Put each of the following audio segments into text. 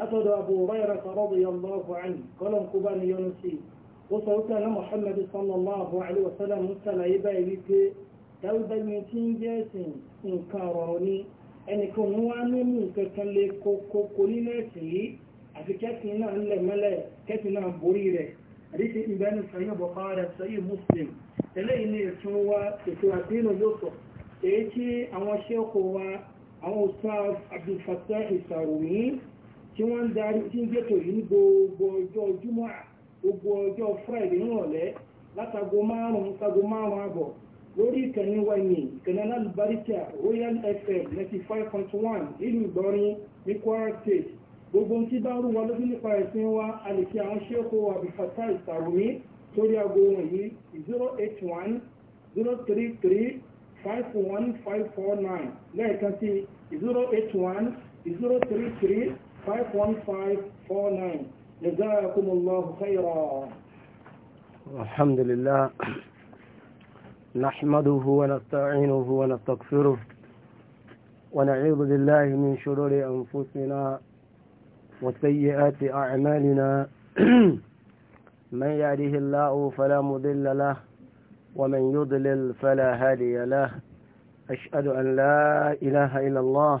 أتدى أبو هريرة رضي الله عنه قال كبان يونسي وصوت أنا محمد صلى الله عليه وسلم مثل إبايك دولة المتين جاسم إنكاروني ẹnìkan wọn wá nínú nǹkan kan lè kókó nínú ẹ̀sìn yìí àti kẹ́sìn náà ń lẹ̀ mẹ́lẹ̀ kẹ́sìn náà borí rẹ̀ àdíṣe ìbẹ́nu sọ́yìn Bukhari sọ́yìn Muslim eléyìí ni ẹ̀sùn wa ètò àdínú yóò sọ èyí tí àwọn ṣẹ́kọ̀ọ́ wa àwọn ustaz Abdulfatah Ìsàrùmí tí wọ́n ń darí tí ń gbẹ́tò yìí ní gbogbo ọjọ́ ojúmọ́ gbogbo ọjọ́ friday ńrọ̀lẹ́ látago márùn-ún sago márùn-ún àbọ̀ lórí ìkànnì wa ní ìkànnì alábàríkà royal fm ninety five point one ìlú ìgbọ́rin ní kwara state gbogbo ohun tí bá rú wa lójú nípa ẹ̀sìn wa a lè fi àwọn ṣéèkó àbífàtà ìsàrùmí sórí aago wọ̀nyí zero eight one zero three three five one five four nine lẹ́ẹ̀kan sí zero eight one zero three three. 51549 جزاكم الله خيرا الحمد لله نحمده ونستعينه ونستغفره ونعوذ بالله من شرور أنفسنا وسيئات أعمالنا من يهده الله فلا مضل له ومن يضلل فلا هادي له أشهد أن لا إله إلا الله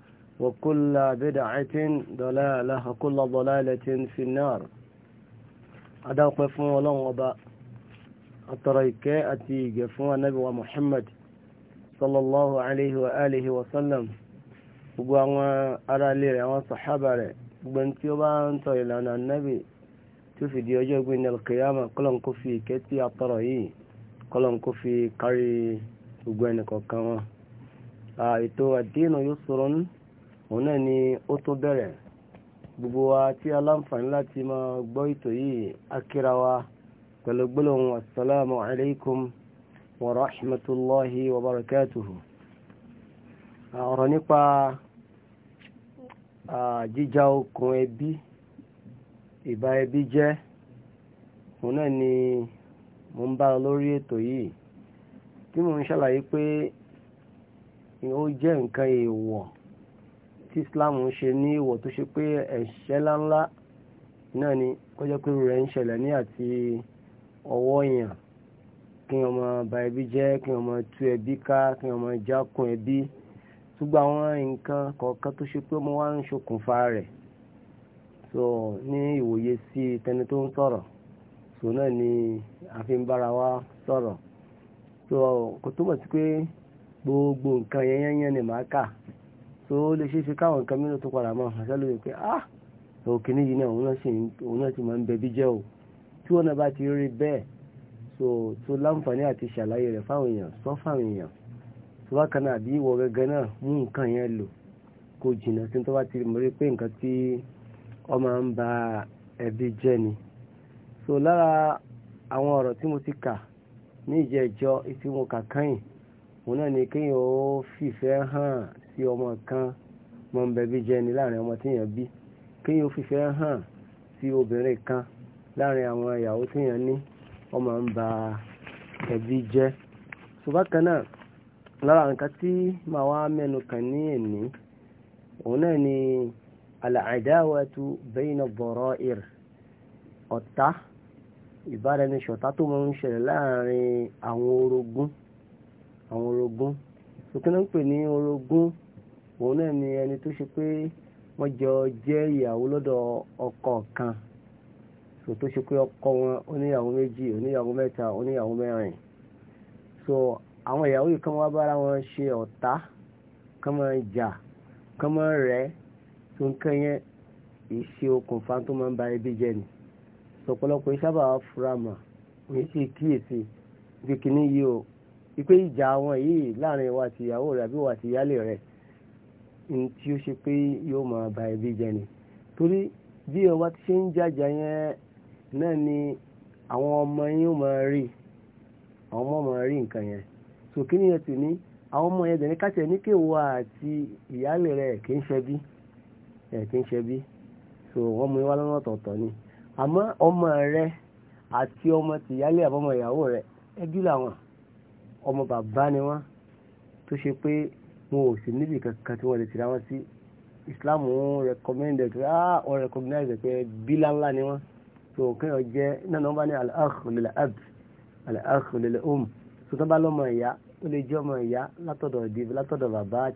وكل بدعة ضلالة وكل ضلالة في النار أدوك فون ولون وباء الطريقة أتي فون النبي ومحمد صلى الله عليه وآله وسلم gbogbo àwọn ará ilé rẹ̀ àwọn sàhábà rẹ̀ gbogbo tí ó bá ń tọ̀ ìlànà nábì tó fi di ọjọ́ ìgbìn alkiyama kọ́lọ̀n kó fi ìkẹ́ tí a tọrọ yìí kọ́lọ̀n kó fi kárí gbogbo ẹnìkọ̀ọ̀kan wọn. ètò ad-dinu yusrun òun náà ni ó tó bẹ̀rẹ̀ gbogbo wa tí aláǹfààní láti máa gbọ́ ètò yìí akíra wa pẹ̀lú gbólóhùn asalaamu alaykum wa rahmatulahi wa barakatuhu ọ̀rọ̀ nípa jíjà okùn ẹbí ìbá ẹbí jẹ́ òun náà ni mo ń bá lórí ètò yìí tí mo ń ṣàlàyé pé ó jẹ́ nǹkan èèwọ̀ tí islam ń ṣe ní ìwọ̀ tó ṣe pé ẹ̀ṣẹ̀ ńláńlá náà ni kó jẹ́ pé rẹ̀ ń ṣẹlẹ̀ ní àti ọwọ́ èèyàn kí wọ́n máa ba ẹbí jẹ́ kí wọ́n máa tú ẹbí ká kí wọ́n máa jákun ẹbí túgbọ́ àwọn nǹkan kọ̀ọ̀kan tó ṣe pé mo wá ń ṣokùnfà rẹ̀ so ní ìwòye sí tẹni tó ń sọ̀rọ̀ so náà ni a wa sọ̀rọ̀ so kò túmọ̀ sí pé gbogbo nǹkan yẹn ni màá kà so ó lè ṣeéṣe káwọn nǹkan mìíràn tó padà máa hàn sẹ́lómi pé ah òkìní yìí náà òun náà ti máa ń bẹbí jẹ́ o tí wọ́n náà bá ti rí bẹ́ẹ̀ so tó láǹfààní àti ṣàlàyé rẹ̀ fáwọn èèyàn sọ fáwọn èèyàn tó bá kan náà àbí ìwọ gẹ́gẹ́ náà mú nǹkan yẹn lò kó jìnnà sí tó bá ti mọ̀ pé nǹkan tí ọ máa ń ba ẹbí jẹ́ ni so lára àwọn ọ̀rọ̀ tí mo ti kà ní ìjẹ́jọ́ ìfimọ̀kà kẹ́yìn òun náà ni kéèyàn ó fìfẹ́ hàn sí ọmọ kan mọ̀ ń bẹ̀bí ni láàrin ọmọ tí yàn bí kéèyàn fífẹ́ hàn sí obìnrin kan láàrin àwọn ìyàwó tinye ní ọmọ ń ba ẹbí jẹ́ ṣùgbọ́n kan náà lára nǹkan tí màá wá mẹ́nu kàn ní òun náà ni al-adawatu bayna ad-dara'ir ọ̀tá ìbáraẹnisọ̀tá tó máa ń ṣẹlẹ̀ láàrin àwọn orogún sókínà ń pè ní orogún òun náà ni ẹni tó ṣe pé wọ́n jọ jẹ́ ìyàwó lọ́dọ̀ ọkọ kan so tó ṣe pé ọkọ wọn oníyàwó méjì oníyàwó mẹ́ta oníyàwó mẹ́rin so àwọn ìyàwó yìí kan wá bára wọn ṣe ọ̀tá kan máa jà kan máa rẹ̀ tó ń kẹ́yẹn ìṣe okùnfà tó máa ń ba ẹbí jẹ́ ni sọ̀pọ̀lọpọ̀ iṣẹ́ bá mà òun sì kíyèsí bí kìíní yìí o ipe ìjà àwọn yìí láàrin wa ti ìyàwó rẹ̀ àbí wa ti ìyálé rẹ̀ ní tí ó ṣe pé yóò máa ba ẹbí jẹ ni torí bí ọba ti ṣe ń jàjà yẹn náà ni àwọn ọmọ yín ó máa rí àwọn ọmọ máa rí nǹkan yẹn so kí ni yẹn tì ní àwọn ọmọ yẹn dẹ̀ni káṣẹ̀ ní kéwà àti ìyálé rẹ̀ kì í ṣe bí ẹ̀ kì í ṣe bí so wọ́n mú wá lọ́nà ọ̀tọ̀ọ̀tọ̀ ni àmọ́ ọmọ rẹ̀ àti ọmọ tìyálé àbọ̀mọ ìyàwó ọmọ bàbá ni wọ́n tó ṣe pé wọn ò sí níbi kankan tí wọ́n lè tìra wọn sí islam ń recommend it ah wọ́n recognize pé bílá ni wọ́n tó kéèyàn jẹ́ náà ni wọ́n bá ní al-akh lil-ab al-akh lil-um tó tán bá lọ́mọ ìyá ó lè jẹ́ ọmọ ìyá látọ̀dọ̀ ìdí látọ̀dọ̀ bàbá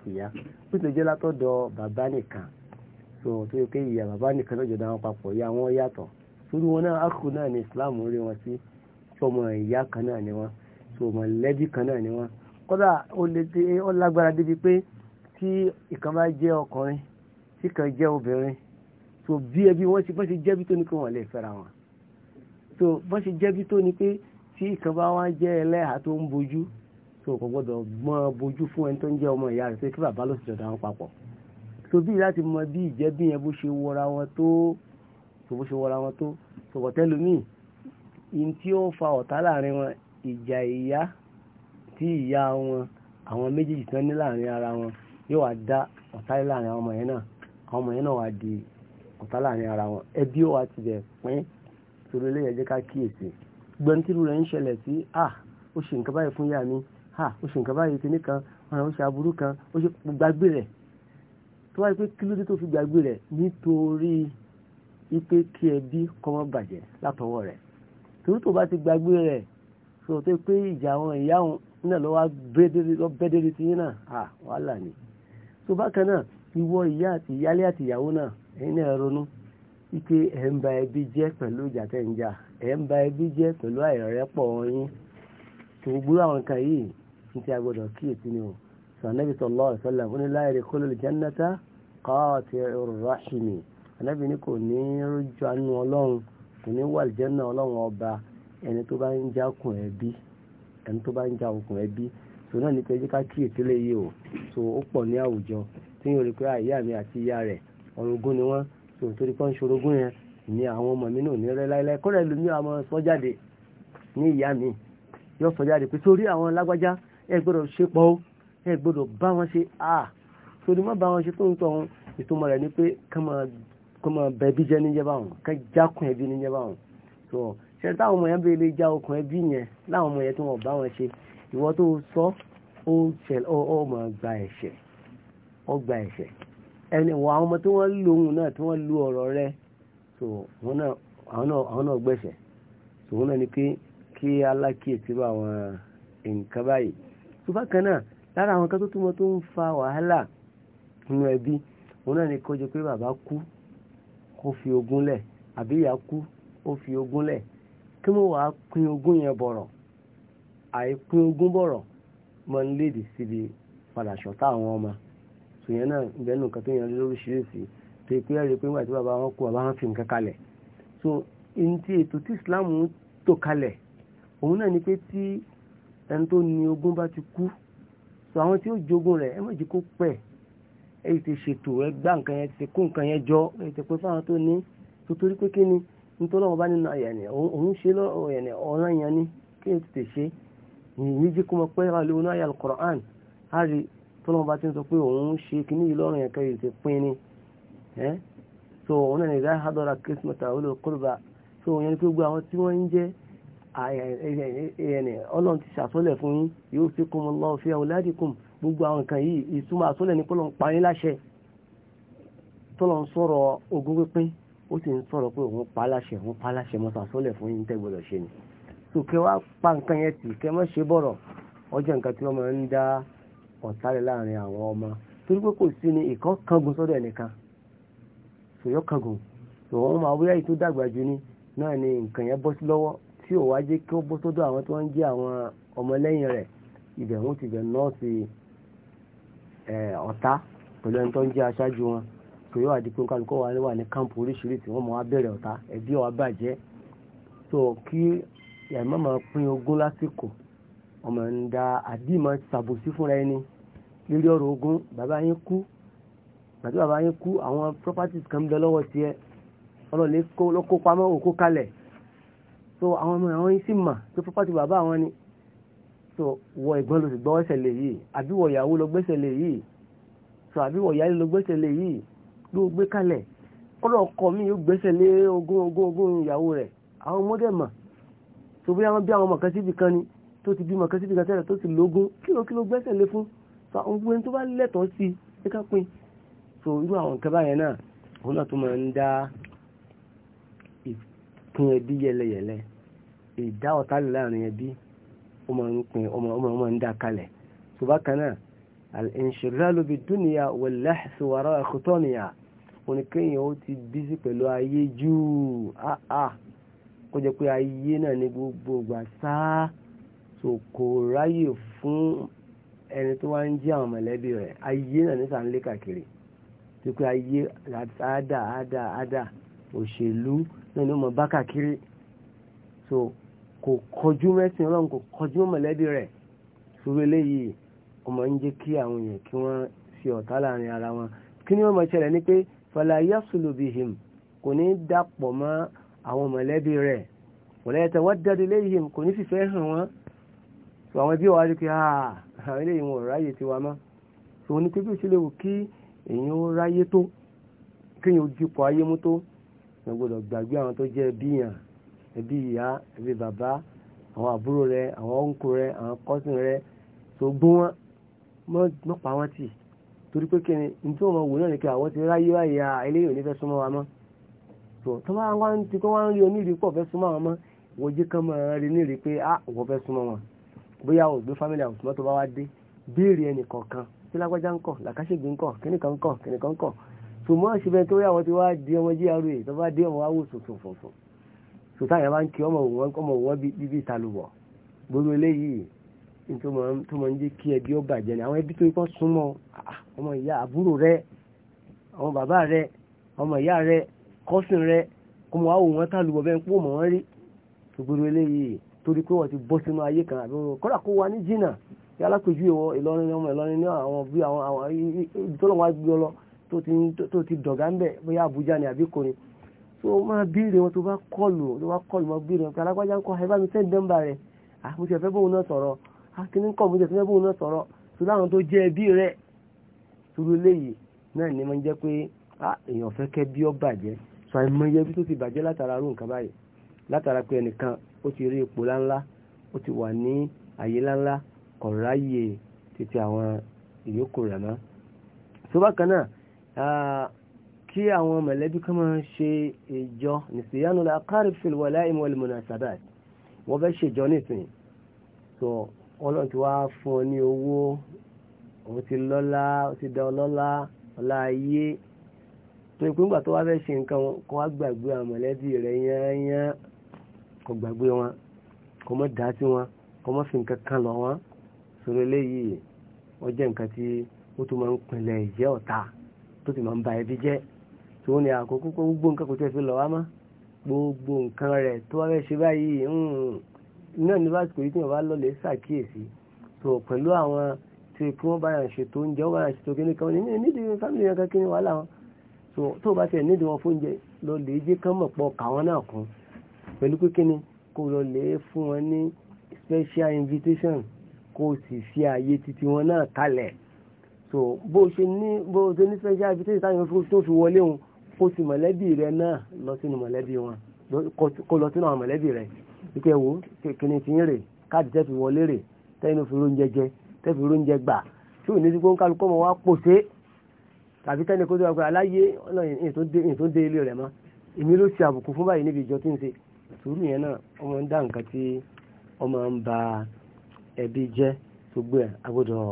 so tó yẹ pé ìyá bàbá nìkan lọ́jọ́ dáwọn papọ̀ ìyá wọn yàtọ̀ sórí wọn náà akhu náà ní islam rí wọn so mọ̀lẹ́bí kan náà ni wọ́n kódà ó lè dé ó lágbára débi pé tí ìkan bá jẹ́ ọkùnrin tí kan jẹ́ obìnrin so bí ẹbí wọ́n ti bọ́n ṣe jẹ́bí tó ní pé wọ́n lè fẹ́ra wọn so bọ́n ṣe jẹ́bí tó ní pé tí ìkan bá wá jẹ́ ẹlẹ́hà tó ń bojú so kò gbọ́dọ̀ mọ́ bojú fún ẹni tó ń jẹ́ ọmọ ìyá rẹ̀ pé kí bàbá ló sì jọ̀dá wọn papọ̀ so bí láti mọ bí ìjẹ́bí yẹn bó ṣe wọra wọn tó so bó ṣe wọra wọn tó so kọ̀tẹ́lómìn ìyìn tí ó fa ọ̀tá láàrin wọn ìjà ìyá tí ìyá wọn àwọn méjèèjì tán ní láàrin ara wọn yóò wá dá ọ̀tá láàrin àwọn ọmọ yẹn náà àwọn ọmọ yẹn náà wá di ọ̀tá láàrin ara wọn ẹbí ó wá ti pín torí eléyẹ jẹ́ ká kíyèsí gbẹ̀ntìrú rẹ̀ ń ṣẹlẹ̀ sí à ó ṣe nǹkan báyìí fún ìyá mi à ó ṣe nǹkan báyìí kíní kan ọ̀nà ó ṣe aburú kan ó ṣe gbàgbé rẹ̀ tó wáyé pé kí ló dé tó fi gbàgbé rẹ̀ nítorí ipe kí ẹbí kọ́mọ́ bàjẹ́ látọwọ́ rẹ̀ torí tó bá ti gbàgbé rẹ̀ so tó pé ìjà àwọn ìyá òun náà lọ́wọ́ bẹ́ẹ̀dẹ́rẹ́ tí yín náà à wàhálà ni so bákan náà ìwọ ìyá àti ìyálé àti ìyàwó náà ẹ̀yin náà ronú ike ẹ̀ ń ba ẹbí jẹ́ pẹ̀lú ìjà tẹ̀ ń jà ẹ̀ ń ba ẹbí jẹ́ pẹ̀lú àìrẹ́pọ̀ yín tó gbúrú àwọn kan yìí ní ti agbọ́dọ̀ kíyèsí ni o sànẹ́bí sallallahu alaihi wasallam ó ní la yadkhulul jannata qati'ur rahimi ànábì ní kò ní rújú àánú ọlọ́run kò ẹni tó bá ń jákùn ẹbí ẹni tó bá ń ja okùn ẹbí tó náà ní pé jíká kí ìtílé yìí o tó ó pọ̀ ní àwùjọ tí yóò rí pé àyà ah, mi àti ìyá rẹ̀ orogún ni wọ́n tó torí pé ń ṣorogún yẹn ni àwọn ọmọ mi náà ní rẹ láíláí kó rẹ̀ lu mí àwọn sọ́jáde ní ìyá mi yóò sọ́jáde pé torí àwọn lágbájá ẹ gbọ́dọ̀ ṣe pọ̀ ẹ gbọ́dọ̀ bá wọn ṣe à torí má bá wọn ṣe tó ń ìtumọ̀ rẹ̀ ni pé kọ́mọ bẹ̀bí jẹ́ níjẹ́ báwọn kẹ́ jákùn ẹbí níjẹ́ báwọn ṣe táwọn ọmọ yẹn bẹ́ẹ̀ lè já okùn ẹbí yẹn láwọn ọmọ yẹn tí wọ́n bá wọn ṣe ìwọ tó sọ ó ṣẹ ọ mọ̀ gba ẹ̀ṣẹ̀ ọ gba ẹ̀ṣẹ̀ ẹni wọ àwọn ọmọ tí wọ́n lu ohun náà tí wọ́n lu ọ̀rọ̀ rẹ so wọn náà àwọn náà gbẹ̀ṣẹ̀ so wọn náà ni pé kí alákìyèsí bá àwọn nǹkan báyìí tó bá kan náà lára àwọn kan tó túmọ̀ tó ń fa wàhálà nínú ẹbí òun náà ni kó jẹ́ pé bàbá kú ó fi ogún lẹ̀ àbí ìyá kú ó fi ogún lẹ̀ kí wọ́n wàá pín ogún yẹn bọ̀rọ̀ àìpín ogún bọ̀rọ̀ máa ń léde síbi padà ṣọ̀tá àwọn ọmọ tòyẹn náà ìgbẹ́ nù kan tó yẹn lóríṣiríṣi tó pé ẹ̀rí pé nígbà tí bàbá wọn kú bàbá wọn fi nǹkan kalẹ̀ so ní ti ètò tí Islam tó kalẹ̀ òun náà ni pé tí ẹni tó ní ogún bá ti kú so àwọn tí ó jogún rẹ̀ ẹ má jẹ́ kó pẹ́ ẹ ti ṣètò ẹ gbá nǹkan yẹn ti kó nǹkan yẹn jọ ẹ ti pín fáwọn tó ní tó torí pé kí ni nítorí ọba nínú àyàní òun ṣe lọ́rọ̀ yẹn ọ̀ràn yẹn ni kí ẹ tètè ṣe ìní jí kó pé ra lóun náà yà Al-Qur'an á rí tọ́lọ́ ọba ti ń sọ pé òun ṣe kíní yìí lọ́rùn yẹn kẹ́yìn ti pín ni ẹ́ so òun náà nìyá hadara kérésìmọ́tà olè kúrúbà so òun yẹn ni pé gbogbo àwọn tí wọ́n ń jẹ́ ọlọ́run ti fi kún un lọ́wọ́ fi awladikum gbogbo àwọn nǹkan yìí ìtumọ̀ àtọ́lẹ̀ ní pọ́lọ́ ó sì ń sọ̀rọ̀ pé òun pa aláṣẹ òun pa aláṣẹ mọ́tò àsọ́lẹ̀ fún yín tẹ́ gbọ́dọ̀ ṣe ni tó kẹ́ wá pa nǹkan yẹn tì kẹ́ mọ́ ṣe bọ̀rọ̀ ọjọ́ nǹkan tí wọ́n máa ń dá ọ̀tálẹ̀ láàrin àwọn ọmọ torí pé kò sí ni ìkọ́ kangun sọ́dọ̀ ẹnìkan sòyọ́ kangun tó wọ́n máa wíyá yìí tó dàgbà jù ni náà ni nǹkan yẹn bọ́ sí lọ́wọ́ tí ò wá jẹ́ kí ó bọ́ tó yóò àdìpé kálukọ́ wa wà ní kámpù oríṣiríṣi wọ́n mọ̀ wá bẹ̀rẹ̀ ọ̀tá ẹbí ọ̀ abàjẹ́ tó kí ẹ̀mọ́ máa pín ogún lásìkò ọmọ ń da àbí máa ṣàbòsí fúnra ẹni lórí ọ̀rọ̀ ogún bàbá yín kú gbàtí bàbá yín kú àwọn properties kan bẹ lọ́wọ́ tiẹ̀ ọlọ́ lè kó lọ́kó òkú kalẹ̀ so àwọn ọmọ àwọn yín sì mà tó property bàbá àwọn ni so wọ ẹ̀gbọ́n ló sì gbọ́ ẹsẹ̀ lè yìí àbí wọ ìyàwó ló gbẹ́sẹ̀ lè yìí so àbí wọ ìyá ló gbẹ́sẹ̀ lè yìí ló gbé kalẹ̀ kọ́lọ̀ ọkọ mi yóò gbẹ́sẹ̀ lé ogún ogún ogún ìyàwó rẹ̀ àwọn ọmọdé mà tó bí àwọn bí àwọn ọmọ kan síbi kan ni tó ti bímọ kan síbi kan tẹ́lẹ̀ tó ti lógún kíló kíló gbẹ́sẹ̀ lé fún so àwọn gbogbo ẹni tó bá lẹ́tọ̀ọ́ sí ẹ ká pín so irú àwọn nǹkan báyẹn náà òun náà tó máa ń dá ìpín ẹbí yẹlẹyẹlẹ ìdá ọ̀tá láàrin ẹbí ó máa ń pín ọmọ ọmọ ń dá kalẹ̀ tó bá kan náà al-inshiralu bid-dunya wal-lahsu wara'a khutaniha òní kéèyàn ó ti bísí pẹ̀lú ayé jù áà ah, ah. kó jẹ́ pé ayé náà ní gbogbo ìgbà sáà tó kò ráyè fún ẹni tó wá ń jẹ́ àwọn mọ̀lẹ́bí rẹ̀ ayé náà ní sàn lé kàkiri tó pé ayé àdá àdá àdá òṣèlú náà ni ó mọ̀ bá kàkiri tó kò kọjú mẹ́sìn ọlọ́run kò kọjú mọ̀lẹ́bí rẹ̀ sórí eléyìí ọmọ ń jẹ́ kí àwọn èèyàn kí wọ́n fi ọ̀tá láàrin ara wọn kí ni wọ́n mọ̀ ṣẹlẹ̀ ni pé fala yasulu bihim kò ní dàpọ̀ mọ́ àwọn mọ̀lẹ́bí rẹ̀ wala yatawaddadu ilayhim kò ní fìfẹ́ hàn wọ́n tó àwọn ẹbí wa rí pé ah, àwọn eléyìí wọn ò ráyè tiwa mọ́ tó ní pípé sílẹ̀ wò kí èyàn ó ráyè tó kéèyàn ó jípọ̀ ayé mú tó ẹ gbọ́dọ̀ gbàgbé àwọn tó jẹ́ ẹbí yàn ẹbí ìyá ẹbí bàbá àwọn àbúrò rẹ àwọn ọ̀nkù rẹ àwọn kọ́sìn rẹ tó gbó mọ́ pa wọ́n tì torí pé kíni ní tí wọ́n máa wò náà ni pé àwọn ti ráyé báyìí à eléyìí ò ní fẹ́ súnmọ́ wa mọ́ tó tó máa wá ń ti kó wá ń rí oníri pọ̀ fẹ́ súnmọ́ wa mọ́ wọ́n jẹ́ kán máa rí níri pé à wọ́n fẹ́ súnmọ́ wọn bóyá ògbé family house mọ́tò bá wá dé béèrè ẹnì kọ̀ọ̀kan tí lágbájá ń kọ̀ làkàṣègbè ń kọ̀ kíníkan ń kọ̀ kíníkan ń kọ̀ tó mọ́ ṣe bẹ́ẹ̀ tó yà wọ́n ti wá di ọmọ gra tó bá dé ọmọ wa wò sòfòfòfò tó táyà bá ń kí ọmọ òun ọmọ òun bíbí ìtalùwọ̀ gbogbo eléyìí tó máa ń jẹ́ ọmọ ìyá àbúrò rẹ ọmọ bàbá rẹ ọmọ ìyá rẹ kọ́sìn rẹ ọmọ àwọn wọn tá lùbọ̀ bẹ́ẹ̀ ń pò mọ́ wọn rí gbogbo eléyìí torí pé wọ́n ti bọ́ sínú ayé kan àbí wọn kọ́dà kó wa ní jìnnà bí alákòjú ìwọ Ìlọrin ọmọ Ìlọrin ní àwọn bí àwọn ìtọ́lọ́ wa gbé ọ lọ tó ti dọ̀gá ń bẹ̀ bóyá Àbújá ni àbí kò ní tó máa bíire wọn tó bá kọlù tó bá kọlù máa bíire wọn pé alágbájá ń kọ ẹ bá mi sẹ́ńdẹ̀ ń rẹ̀ àmúṣe fẹ́ bóun náà sọ̀rọ̀ akíní ah, kọ̀ turu léyìí náà ni máa ń jẹ́ pé ah, èèyàn fẹ́ kẹ́ bí ọ bàjẹ́ sọ àìmọye bí tó ti bàjẹ́ látara arú nǹkan báyìí látara pé ẹnìkan ó ti rí ipò láńlá ó ti wà ní àyè láńlá kò títí àwọn ìyókù rẹ̀ mọ́. tó náà ah, kí àwọn mọ̀lẹ́bí kan máa ṣe ìjọ nìṣìyánu la aqarib fil wala'im wal munasabat wọ́n fẹ́ ṣèjọ nísìnyí. tó ọlọ́run ti wá fún ọ ní owó òun ti lọ́lá ó ti da ọlọ́lá ọlá ayé tó ìpín gbà tó wá fẹ́ ṣe nǹkan kó wá gbàgbé àwọn mọ̀lẹ́bí rẹ̀ yányán kó gbàgbé wọn kó mọ́ dá sí wọn kó mọ́ fi nǹkan kan lọ wọn sọ̀rọ̀ eléyìí wọ́n jẹ́ nǹkan tí ó tún máa ń pinlẹ̀ ìjẹ́ ọ̀tá tó ti máa ń ba ẹbí jẹ́ tó ní àkókò gbogbo nǹkan kò tẹ́ fi lọ wá mọ́ gbogbo nǹkan rẹ̀ tó wá fẹ́ ṣe báyìí náà ní bá ti pè é tí wọ́n bá lọ lè ṣàkíyèsí tó pẹ̀lú àwọn tí kí wọ́n bá yàn ṣètò oúnjẹ wọ́n bá yàn ṣètò kíní kan ní nídìí fámìlì yẹn kan kíní wàhálà wọn tó bá tiẹ̀ nídìí wọn fóúnjẹ lọ lè jẹ́ kán mọ̀ pọ̀ kàwọn náà kún pẹ̀lú pé kíní kó lọ lè fún wọn ní special invitation kó o sì fi ààyè titi wọn náà kalẹ̀ so bó o ṣe ní bó ṣe ní special invitation táwọn fún tó fi wọlé wọn kó o sì mọ̀lẹ́bí rẹ náà lọ sínú mọ̀lẹ́bí wọn kó lọ sínú àwọn mọ̀lẹ́bí rẹ wípé wo kíní ti ń rè káàdì tẹ́ fi wọlé rè tẹ́yìn ló fi róúnjẹ jẹ tẹ́fì oúnjẹ gbà tí ò ní sí kóńkà lóko mọ̀ wá pòṣe tàbí tẹ́ni kó tó wà pé aláyé ọ̀nà ètò dé ilé rẹ̀ mọ́ èmi ló ṣe àbùkù fún báyìí níbi ìjọ tí ń ṣe sùúrù yẹn náà ọmọ ń dá nǹkan tí ọmọ ń ba ẹbí jẹ́ gbogbo ẹ̀ agbọ́dọ̀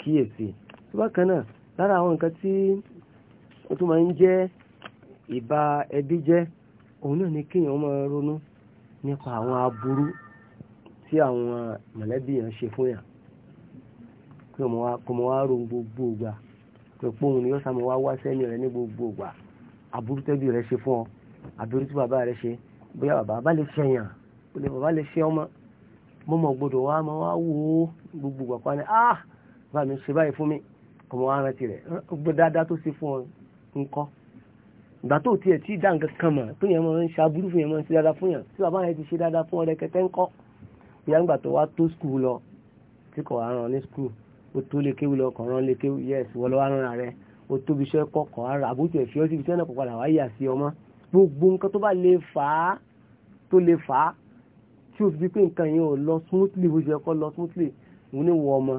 kíyèsí tó bá kan náà lára àwọn nǹkan tí ó tún máa ń jẹ́ ìba ẹbí jẹ́ òun náà ni kéèyàn máa ronú nípa àwọn aburú tí àwọn mọ̀lẹ́bí yẹn ṣe fún yàn kí ọmọ wa ro gbogbo ìgbà pé póun ni yọ́sà mọ́ wá wá sẹ́ni rẹ̀ ní gbogbo ìgbà aburú tẹ́bí rẹ̀ ṣe fún ọ aburú tí bàbá rẹ̀ ṣe bóyá bàbá bá lè ṣẹ̀yàn bóyá bàbá lè ṣe ọmọ mọ́mọ́ gbọ́dọ̀ wá mọ́ wá wò ó gbogbo ìgbà pa ni ah bá mi ṣe báyìí fún mi ọmọ wa rántí rẹ̀ gbọ́ dáadáa tó ṣe fún ọ ńkọ́ ìgbà tó tiẹ̀ tí dá nǹkan kan mọ̀ pé yẹn máa ń ṣaburú fún yẹn máa ń ṣe dáadáa fún yẹn tí bàbá yẹn ti ṣe dáadáa fún ọ rẹ̀ kẹtẹ́ ńkọ́ bóyá ńgbà tó wá tó skul lọ tí kò wá rán ní skul ó tó lè kéwù lọ kọ̀ọ̀rọ̀ lè kéwù yẹ ìwọ lọ́wọ́ rán rẹ ó tóbi iṣẹ́ kọ̀ọ̀kan ara àbújọ ìfẹ́ ó ti fi sẹ́nà kó padà wá yà sí ọmọ gbogbo nǹkan tó bá lè fà á tó lè fà á tí o fi pé nǹkan yẹn ò lọ smoothly bó ṣe kọ́ lọ smoothly òun ní wọ ọmọ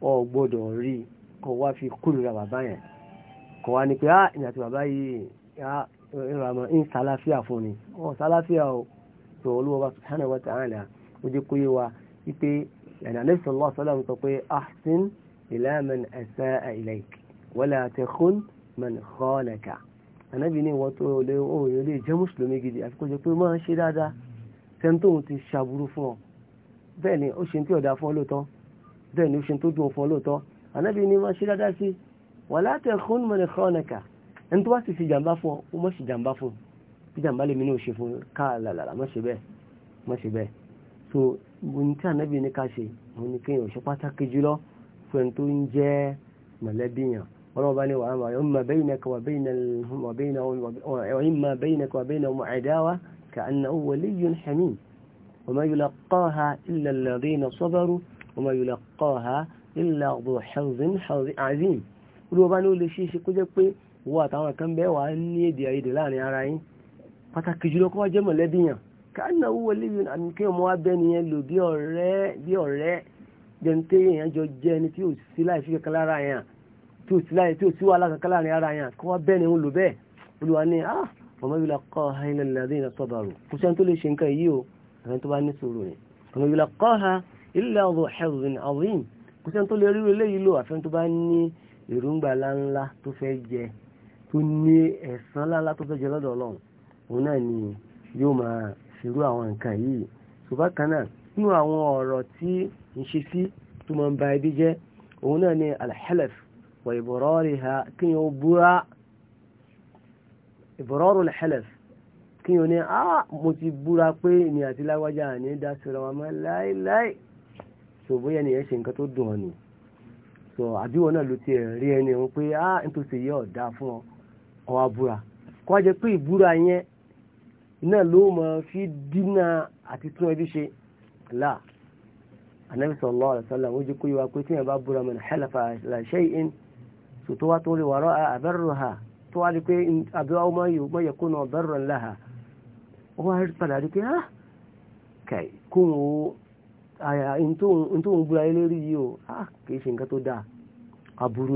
ọ gbọ́dọ̀ rí kó wá fi kórìíra bàbá yẹn kó wá ní pé ah ìyá àti bàbá yìí ah ìrànmọ́ ń sálàfíà fún ni ọ̀ sálàfíà o tó olúwa subhanahu wa ta'ala ó jẹ́ kó yé wa wípé يعني النبي صلى الله عليه وسلم تقول أحسن إلى من أساء إليك ولا تخن من خانك النبي ني وتو لي او يلي جه مسلمي gidi àfi kó jẹ́ pé máa ṣe dáadáa ten to ti ṣàbùrú fún ọ bẹ́ẹ̀ ni ó ṣe nti oda fún lóòtọ́ bẹ́ẹ̀ ni ó ṣe tó dùn fún lóòtọ́ Ànábì ní máa ṣe dáadáa sí wala takhun man khanaka en tó wá sì fi jàmbá fún ó má ṣe jàmbá fún bí jàmbá lè mi ní ó ṣe fún ka la la má ṣe bẹ́ẹ̀ má ṣe bẹ́ẹ̀ so ní tí ànábì ní ká ṣe òun ni kéèyàn ṣe pàtàkì jùlọ fún ẹni tó ń jẹ́ mọ̀lẹ́bí yàn ọlọ́run bá ní wàá máa yọ ìmọ̀ bẹ́yìn náà wà bẹ́yìn náà wà bẹ́yìn náà wà bẹ́yìn náà àdáwà kà á nà owó lè yun hàmì ọmọ yìí lọ́kọ́ ha ilẹ̀ lọ́rí iná sọ́bẹ̀rù ọmọ yìí lọ́kọ́ ha ilẹ̀ ọ̀bọ̀ ṣàzín àzín olúwa bá ní ó lè ṣe é ṣe kó jẹ́ pé wọ́n àtàwọn kan bẹ́ẹ̀ wà ní èdè àìyedè láàrin ara yín pàtàkì jùlọ kó wá jẹ́ mọ̀lẹ́bí yàn káàna owó léyìn àmì kí ọmọ wa bẹ́ nìyẹn lò bí ọ̀rẹ́ bí ọ̀rẹ́ jẹun pé èèyàn jọ jẹ ẹni tí ò sí láì fi kankan lára yẹn tí ò sí láì tí ò sí wàhálà kankan láàrin ara yẹn kó wá bẹ́ẹ̀ ni ń lò bẹ́ẹ̀ olùwà ni ah ọmọ yìí la kọ́ ha ilẹ̀ lẹ́dí iná sọ́bàrù kò sẹ́ni tó lè ṣe nǹkan yìí o àwọn tó bá ní sòrò ni ọmọ yìí la kọ́ ha ilẹ̀ ọ̀dọ̀ ẹ̀rùn ọ̀rìn kò sẹ́ni tó lè rí eléyìí lò àfẹ́ni tó bá ní èròǹgbà láńlá tó fẹ́ jẹ tó ní ẹ̀san láńlá tó fẹ́ jẹ lọ́dọ̀ ọlọ́run òun náà ni yóò máa ṣerú àwọn nǹkan yìí ṣùgbọ́n kan náà nínú àwọn ọ̀rọ̀ tí ń ṣe sí tó máa ń ba ibi jẹ́ òun náà ni alhalaf wa ibrariha kí n yóò búra ibraru alhalaf kí n yóò ní a ah, mo ti búra pé ní àti láwájá ní dá sọ̀rọ̀ wa máa láéláé so bóyá ni ẹ̀ ṣe nǹkan tó dùn ọ́ ni so àbí wọn náà ló ti rí ẹni wọn pé a nítorí yẹ ọ̀dà fún ọ ọwọ́ búra kó wá jẹ pé ìbúra yẹn iná ló mọ̀ fi dínà àti tún ẹbí ṣe là anabi sallallahu alaihi wasallam ó jẹ́ kó yíwa pé tí yẹn bá búra mọ̀ halafa la shay'in tó tó wá tó lè wàrọ̀ àbẹ̀rùhà tó wá rí pé àbẹ̀wò mọ̀ yẹ kó nà ọ̀bẹ̀rùn láha ó wá rí padà rí pé ah kai kó ń wo àyà ntòun búra ah,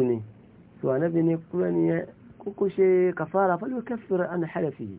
ni tó anabi ní kúrẹ́ nìyẹn kókó ṣe kàfàrà fọlọ́ kẹfìrẹ́ àná halafihi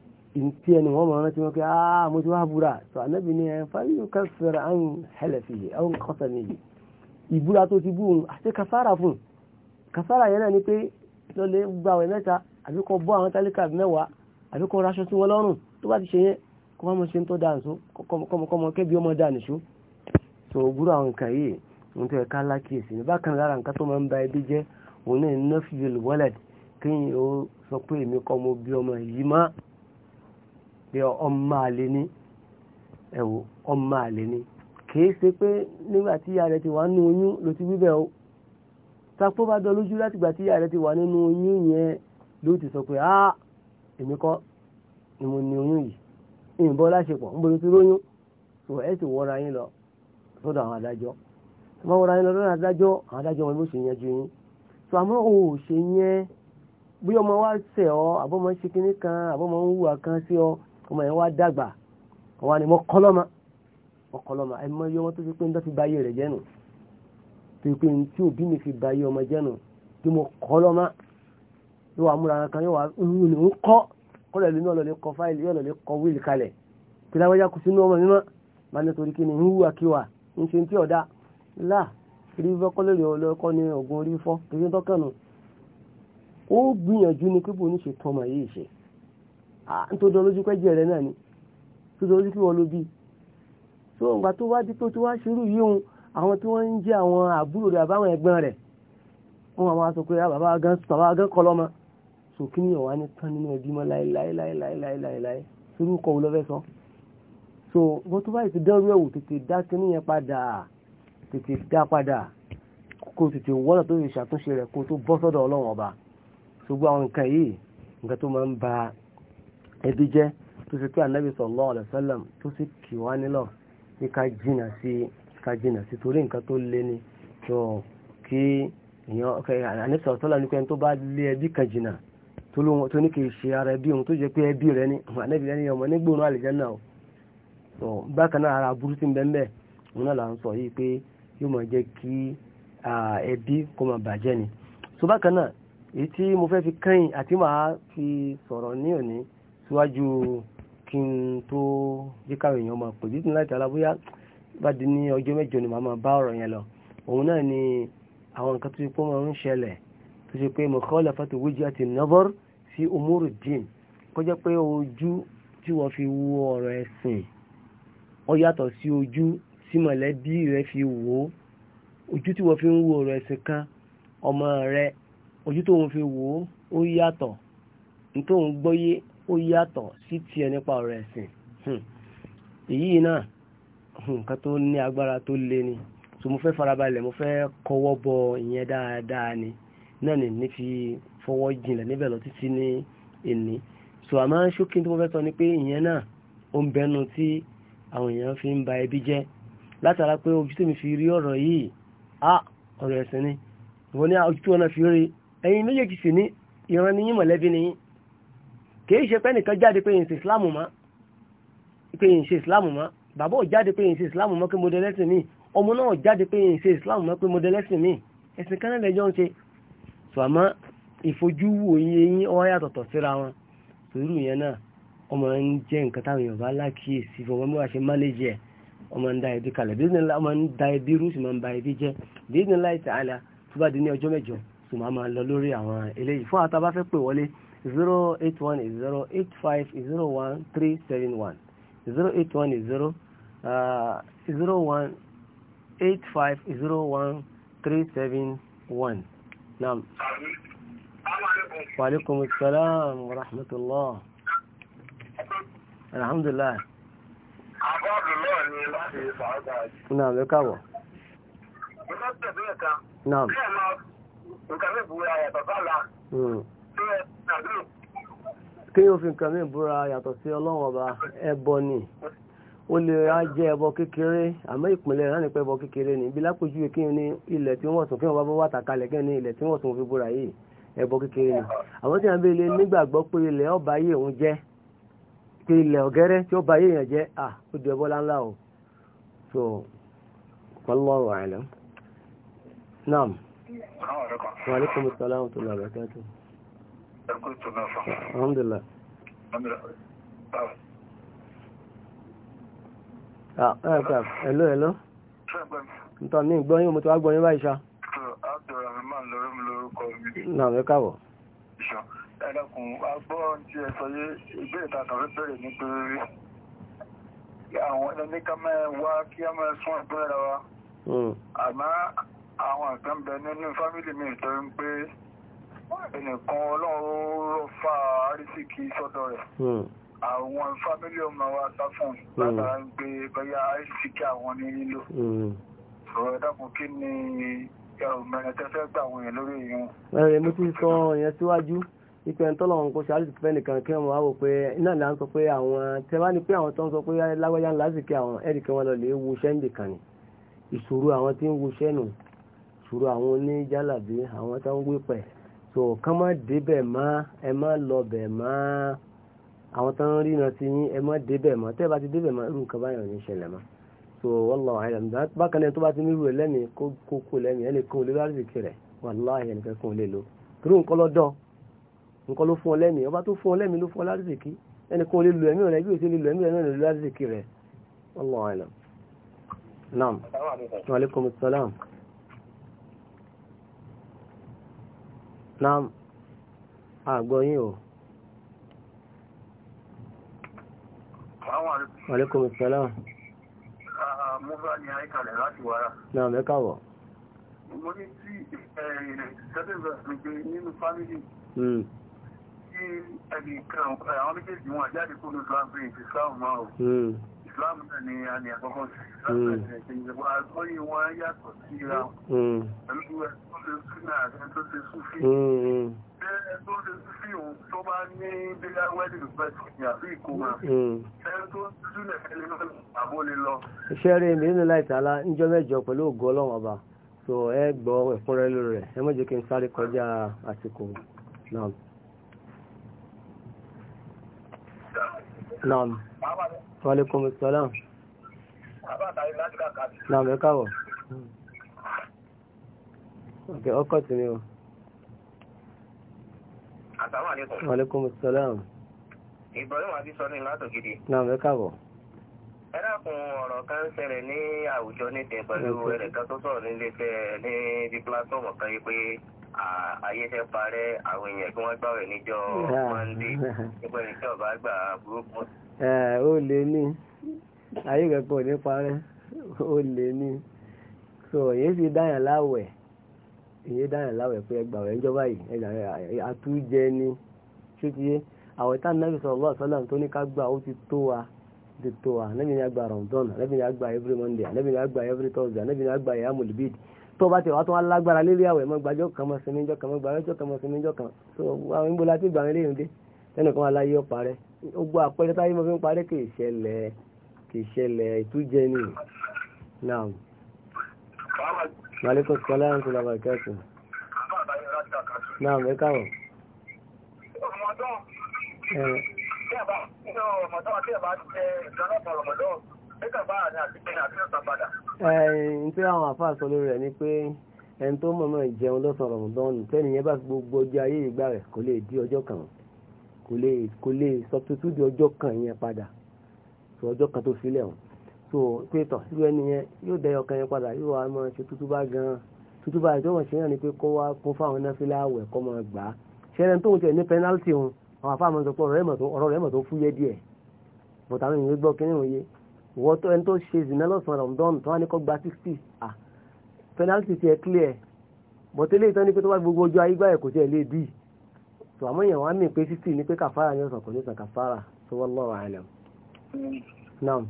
ntí ẹni wọ́n máa rántí wọn pé aaa mo ti wá búra tó anábì ní ẹn fáyé yóò kẹfẹ́ra à ń hẹlẹ̀ fi yìí àwọn kọ́sẹ̀ nìyí ìbúra tó ti bú òun àti kàfàrà fún kàfàrà yẹn náà ni pé lọ́lẹ̀ gba àwẹ̀ mẹ́ta àbí kọ́ bọ́ àwọn tálíkà mẹ́wàá àbí kọ́ raṣọ sí wọn lọ́rùn tó bá ti ṣe yẹn kọ́ máa ṣe ń tọ́ dáa nìṣó kọ́mọ kẹ́bi ọmọ dáa nìṣó tó búra àwọn nǹkan yìí ń tẹ́ ká lákìyèsí ní bákan lára nǹkan tó máa ń ba ẹbí bí ọmọ pé ọmọ àlè ní ẹ̀wò ọmọ àlè ní kìí ṣe pé nígbà tí ìyá rẹ̀ ti wà nínú oyún ló ti wíbẹ̀ o sapó bá dán lójú látìgbà tí ìyá rẹ̀ ti wà nínú oyún yẹn ló ti sọ pé á èmi kọ́ ni mo ní oyún yìí ìyìnbọn láṣepọ̀ ń bolo ti róyún so ẹ sì wọra yín lọ sọ́dọ̀ àwọn adájọ́ tí wọ́n wọra yín lọ lọ́dọ̀ adájọ́ àwọn adájọ́ wọn ló ṣe yẹn ju yín so àmọ́ o ò ṣe yẹn bí ọmọ wa ṣẹ̀ ọ́ àbọ̀mọ́ ṣe kinní kan àbọ̀mọ́ ń hùwà kan sí ọ ọmọ yẹn wá dàgbà wọn ni mọ́kọ́lọ́mà mọ́kọ́lọ́mà ẹ mọ iye wọn tó fi pé ń dọ́ fi báyé rẹ̀ jẹ́nu tó fi pé ń tí òbí mi fi báyé ọmọ jẹ́nu tí mọ́kọ́lọ́mà yóò wá múra kan yóò wá ń kọ́ kọ́lọ̀ ìlú náà lọ́lẹ́ kọ fáìlì yóò lọ́lẹ́ kọ wíìlì kalẹ̀ tí láwájá kù sínú ọmọ mímọ́ máa ní torí kí ni ń orí fọ́ kiri tọ́kànnù ó gbìyànjú ni pípò ní yìí ṣe nítorí olójú pẹ́ jẹ́ rẹ̀ náà ni nítorí olójú kí wọ́n ló bí tó ń gbà tó wá di tó tó wá ṣerú yìí òun àwọn tí wọ́n ń jẹ́ àwọn àbúrò rẹ̀ àbáwọn ẹ̀gbọ́n rẹ̀ wọ́n máa sọ pé ah, bàbá gan bàbá gan kọ́ lọ́mọ sò ni ọ̀wá ní tán nínú ẹbí mọ́ láéláéláéláéláé sórí kọ́ wọ́n lọ́fẹ́ sọ so bó tó báyìí ti dẹ́rù ẹ̀wò tètè dá kíní yẹn padà tètè dá padà kó tètè wọ́nà tó lè ṣàtúnṣe rẹ̀ kó tó bọ́ sọ́dọ̀ ọlọ́run ọba ṣùgbọ́n àwọn nǹkan yìí nǹkan tó máa ń ba ẹbí jẹ́ tó ṣe pé anabi sallallahu alaihi wasallam tó sì kì wá nílọ̀ pé ká jìnà sí torí nǹkan tó lé ni tó kí èèyàn anabi sallallahu alaihi wasallam ní pé tó bá lé ẹbí kan jìnà tó ní kì ṣe ara ẹbí òun tó jẹ́ pé ẹbí rẹ ni anabi rẹ ni ọmọ nígbòrún àlìjánnà o tó bákan náà ara burú sí bẹ́ẹ̀ òun náà là ń sọ yìí pé yóò máa jẹ́ kí ẹbí kó máa bàjẹ́ ni tó bákan náà èyí tí mo fẹ́ fi kẹ́yìn àti màá fi sọ̀rọ̀ ní òní síwájú kí n tó jíkàwé èèyàn máa pè bíbí láti alábóyá bá di ní ọjọ́ mẹ́jọ ni màá máa bá ọ̀rọ̀ yẹn lọ òun náà ni àwọn nǹkan tó ṣe pé máa ń ṣẹlẹ̀ tó ṣe pé mukhalafatu wijhati nazar sí umuru din kó jẹ́ pé ojú tí wọ́n fi wo ọ̀rọ̀ ẹ̀sìn ó yàtọ̀ sí ojú tí mọ̀lẹ́bí rẹ̀ fi wò ó ojú tí wọ́n fi ń wo ọ̀rọ̀ ẹ̀sìn kan ọmọ rẹ̀ ojú tó ń fi wò ó ó yàtọ̀ nítorí gbọ́yé ó yàtọ̀ sí tiẹ̀ nípa ọ̀rọ̀ ẹ̀sìn hmm. èyí náà hmm, nǹkan tó ní agbára tó le ni so mo fẹ́ farabalẹ̀ mo fẹ́ kọwọ́ bọ ìyẹn dáadáa ni náà ní ní fi fọwọ́ jinlẹ̀ níbẹ̀ lọ títí ní èní so àmọ́ ṣókí tí mo fẹ́ sọ ni pé ìyẹn náà ó ń bẹnu tí àwọn èèyàn fi ń ba ẹbí jẹ́ látara pé ojú tí mi fi rí ọ̀rọ̀ yìí ọ̀rọ̀ ẹ̀sìn ni ìwọ ní ojú tí wọn náà fi rí ẹ̀yin méjèèjì sì ní ìran ni yín mọ̀lẹ́bí ni yín kìí ṣe pẹ́nìkan jáde pé ìṣe islam mọ́ pé ìṣe islam mọ́ bàbá ò jáde pé ìṣe islam mọ́ pé mo dẹ́lẹ́sìn mi ọmọ náà jáde pé ìṣe islam mọ́ pé mo dẹ́lẹ́sìn mi ẹ̀sìn kan náà lẹ́jọ́ ń ṣe sọ àmọ́ ìfojúwò yín ọwọ́ yàtọ̀tọ̀ síra wọn sòrú yẹn náà ọmọ ń jẹ́ nǹkan táwọn èèyàn bá lákìyèsí fún ọmọ bí mánéjì ẹ̀ ọmọ ń da ẹbí kalẹ̀ bí ọmọ ń da ẹbí rú 081 is 085 is 01371. 081 is 0 uh, 0185 is 01371. نعم. وعليكم السلام ورحمة الله. الحمد لله. Naam, kí o fi nǹkan mí búra yàtọ̀ sí ọlọ́run ọba ẹbọ ni ó lè ra jẹ́ ẹbọ kékeré àmọ́ ìpínlẹ̀ rẹ̀ nípa ẹbọ kékeré ni ibi lápòjúwe kí ni ilẹ̀ tí wọ́n sùn kí wọ́n bá bọ́ wà tàkalẹ̀ kí ni ilẹ̀ tí wọ́n sùn fi búra yìí ẹbọ kékeré ni àwọn tí wọ́n bẹ ilé nígbàgbọ́ pé ilẹ̀ ọba yìí òun jẹ́ pé ilẹ̀ ọ̀gẹ́rẹ́ tí ọba yìí yàn jẹ́ à ó di ẹbọ láńlá o so wallahu a'lam naam wa alaikum salaam wa rahmatullahi wa barakatuh ẹ̀kú ìtùnú fún. alhamdulillah. ah ẹ̀ka hello hello. ntọ́ mi gbọ́ yín mo ti wá gbọ́ yín báyìí ṣá. abdulrahman lórí mi lórúkọ mi. náà mi káwọ̀. ẹ̀dàkùn agbọ́ tí ẹ sọ yé ìbéèrè tàtà rẹ bẹ̀rẹ̀ ní pé àwọn ẹni ká máa wá kí á máa sún ẹgbẹ́ ra wa. Hmm. àmọ́ àwọn àgbà ń bẹ nínú fámìlì mi ìtọ́jú pé ẹnìkan ọlọ́run ló fa àrísìkì sọ́dọ̀ rẹ̀ hmm. àwọn fámílì ọmọ wa sá fún hmm. látara ń gbé bẹ́yà àrísìkì àwọn ní nílò ọ̀rọ̀ hmm. ẹ̀dàkùn kí ni ọ̀mẹ̀rẹ̀ tẹ́fẹ́ gbà wọ̀nyẹ lórí ìyún. ẹ mo ti sọ yẹn síwájú ipe ẹni tọ́lọ̀ ń kó ṣe àrísìkì fẹ́ẹ́ nìkan kí wọ́n wá wò pé náà là ń sọ pé àwọn tẹ bá ní pé àwọn tó ń sọ pé lágbájá ńlá sì àwọn ẹ̀rì kí wọ́n lọ lè wo ṣẹ́ńdì kan ni ìṣòro àwọn tí ń wo ṣẹ́nu ìṣòro àwọn oníjàlàbí àwọn tó ń wípẹ̀ so kán má débẹ̀ má ẹ má lọbẹ̀ má àwọn tó ń ríran ti yín ẹ má débẹ̀ má tẹ́ bá ti débẹ̀ má irú nǹkan báyọ̀ ní ìṣẹ̀lẹ̀ má so wallahu a'lam bákan náà tó bá ti ní irú ẹ lẹ́mìí kó kó lẹ́mìí ẹ lè kó lórí àrísìkí rẹ̀ wallahi ẹnìkan kó lè lo torí nǹkan lọ́dọ̀ nǹkan ló fún ọ lẹ́mìí ọba tó fún ọ lẹ́mìí ló fún ọ lárísìkí ẹnìkan ò lè lo ẹ̀mí rẹ̀ bí òṣèlú lo ẹ̀mí rẹ̀ náà lè lo náà àgbọ̀yìn o. Aleykum salaam. Ah, ah, mo bá ní àríkàlẹ̀ láti wàrà. Náà mẹ́ka wọ̀. Mo ní tí ṣẹ́tẹ̀bẹ̀rẹ̀ pé nínú fámílì. Tí hmm. ẹnì kan àwọn méjèèjì wọn àjáde kó ní Islam pé ìfìsáhùn máa o ìsìláàmù náà ni a ní àkọ́kọ́ sí hmm. ìsìláàmù àgbọ́yé wọn yàtọ̀ síra hmm. pẹ̀lú ẹ̀tọ́ lè súnà àti ẹ̀tọ́ lè súnfì hmm, ẹ̀tọ́ lè súnfì òun tó bá ní bíyà wedding fẹ́tì ní àbí ìkómà ẹ̀tọ́ súnà ẹ̀lẹ́ náà àbó lè lọ. iṣẹ́ rẹ̀ mi nínú láì tààlà ń jọ mẹ́jọ pẹ̀lú ògo ọlọ́run ọba so ẹ gbọ́ ẹ̀kúnrẹ́ lórí rẹ̀ ẹ má jẹ́ kí n sáré kọjá àsìkò náà. Naam. Wàlékùn Mùsùlùmí. Àbátàrí láti kàkàtì. Nàbẹ̀ káwọ̀. Ọkẹ̀ ọkọ̀ tí ni o. Àtàwà Wàlékùn Mùsùlùmí. Ìbọ̀lẹ́wà ti sọ ní látògidì. Nàbẹ̀ káwọ̀. Ẹ dákun ọ̀rọ̀ kan ṣẹlẹ̀ ní àwùjọ nídìí pẹ̀lú ẹnìkan tó sọ̀rọ̀ nílé iṣẹ́ ní ibi pílátọ̀mù kan yí pé ayé fẹ́ parẹ́ àwọn èèyàn kí wọ́n gbàwẹ̀ níjọ́ ah. mọ́ndé nípa ẹni tí ọba gbà burúkú. Eh, ó lè ní ayé ní parẹ́ so èyí sì dáyàn láwẹ̀ èyí dáyàn láwẹ̀ pé ẹgbàwẹ̀ yìí àtújẹ ni àwọn ìta tó ní ká gbà ó ti tó wa ti tó wa nàbì àgbà Ramadan nàbì àgbà every Monday àgbà every Thursday tó bá ti wà tó wá lágbára lérí àwẹ̀ mọ́ gbàjọ́ kan mọ́ sinmi jọ́ kan mọ́ gbàjọ́ kan mọ́ sinmi jọ́ kan tó àwọn ìbò láti gbà wọn léyìn dé ẹnìkan aláyé ọ̀pá rẹ gbogbo àpẹẹrẹ táyé mọ́ fi ń parẹ́ kì í ṣẹlẹ̀ kì í ṣẹlẹ̀ ìtújẹ ni. maaleykum salaam ṣe lọ́wọ́ ìkẹ́sùn. náà ẹ káwọ̀. ọmọdé ẹ bá ń ẹ̀yìn tí àwọn àfáà sọ lórí rẹ̀ ni pé ẹni tó mọ̀ náà jẹun lọ́sàn rọ̀mùdán tẹ́nìyẹn bá gbogbo ọjọ́ ayé ìgbà rẹ̀ kò lè di ọjọ́ kan kò lè substitute ọjọ́ kan yẹn padà tó ọjọ́ kan tó sílẹ̀ wọn tó pétọ̀ irú ẹni yẹn yóò dẹ ọkàn yẹn padà yóò wá máa ṣe tútú bá gan tútú bá ìjọ wọ̀n ṣe náà ni pé kó wá kún fáwọn náfìlà àwẹ̀ kó máa gbà á ṣẹlẹ̀ tó ń tẹ̀ ní penalty wọn àwọn àfáà máa sọ pé ọ̀rọ̀ rẹ̀ mọ̀ tó fúyẹ́ díẹ̀ bọ̀tà wọ́n tó ẹni tó ṣe zina lọ́sàn-án Ramadan tó wá ní kó gba sixty ah penalty ti ẹ̀ clear bọ̀tẹ́ lè tán ní pé tó bá gbogbo ojú ayé gbà ẹ̀ kò tiẹ̀ lè dì í tó àmọ́ èèyàn wá mí pé sixty ní pé kàfàrà ni ọ̀sán kò ní sàn kàfàrà tó wallahu a'lam. naam.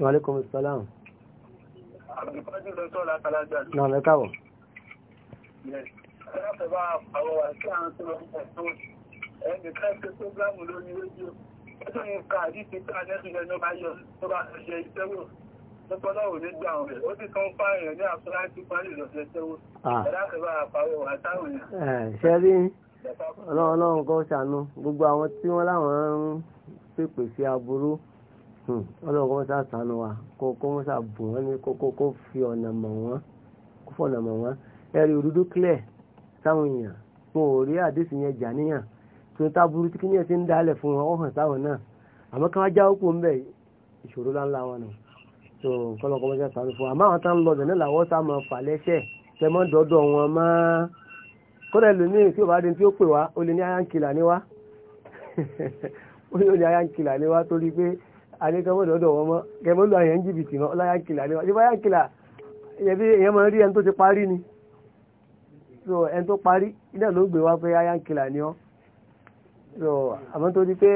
wa alaikum salaam. àbùkọ́jú lọ sọ́ọ́ látàlájà. naam ẹ káwọ̀. ẹ̀rọ tó ń ka àdíṣe ká nẹ́sùlẹ̀ ló bá yọ tó bá ṣe ìtẹ́wò lọ́pọ̀lọ́ ọlọ́run kan ṣàánú gbogbo àwọn tí wọ́n láwọn ń pèpè sí aburú ọlọ́run kan ṣàṣàánú wa kó kó wọ́n ṣàbù wọ́n ní kókó kó fi ọ̀nà mọ̀ wọ́n kó fọ̀nà mọ̀ wọ́n ẹ̀rí òdúdú clear táwọn èèyàn wọn ò rí àdéṣ tó ta burú tí kíní ẹ̀ ti ń dalẹ̀ fún wọn ọ̀hàn sáwọn náà àmọ́ ká wá já òkú ń bẹ̀ ìṣòro láńlá wọn nù tó kọ́lọ́kọ́ mọ́ṣẹ́ sáré fún àmọ́ àwọn tá ń lọ bẹ̀ náà làwọ́ sá máa fà lẹ́sẹ̀ tẹ mọ́ dọ́dọ̀ wọn mọ́ kọ́dà lómìn tí ò bá dín tí ó pè wá ó lè ní ayáǹkìlà ní wá ní ayáǹkìlà ní torí pé àdékọ́mọ́ dọ́dọ̀ ẹni tó parí ni so ẹni tó parí iná ló gbé wá pé ayáǹkìlà ní ọ́ lọ àmọ́ tó di pé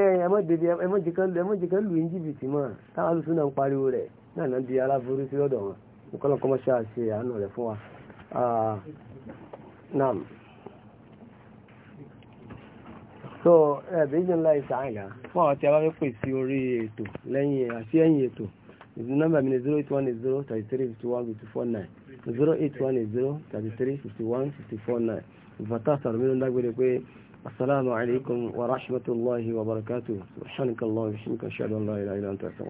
ẹmọ́jìkan lu jìbìtì mọ́ táwọn alùsùn náà ń pariwo rẹ̀ náà náà di aláborí sí ọ̀dọ̀ wọn nìkan kọ́mọ́ ṣe àánú rẹ̀ fún wa. nam so ẹ̀bí ìjìnlá ìsàáyà fún àwọn tí a bá fẹ́ pè sí orí ètò lẹ́yìn àti ẹ̀yìn ètò nọ́mbà mi ni zero eight one zero thirty three fifty one fifty four nine zero one ló ń dágbére pé. السلام عليكم ورحمة الله وبركاته سبحانك الله وبحمدك أشهد أن لا إله إلا أنت أستغفرك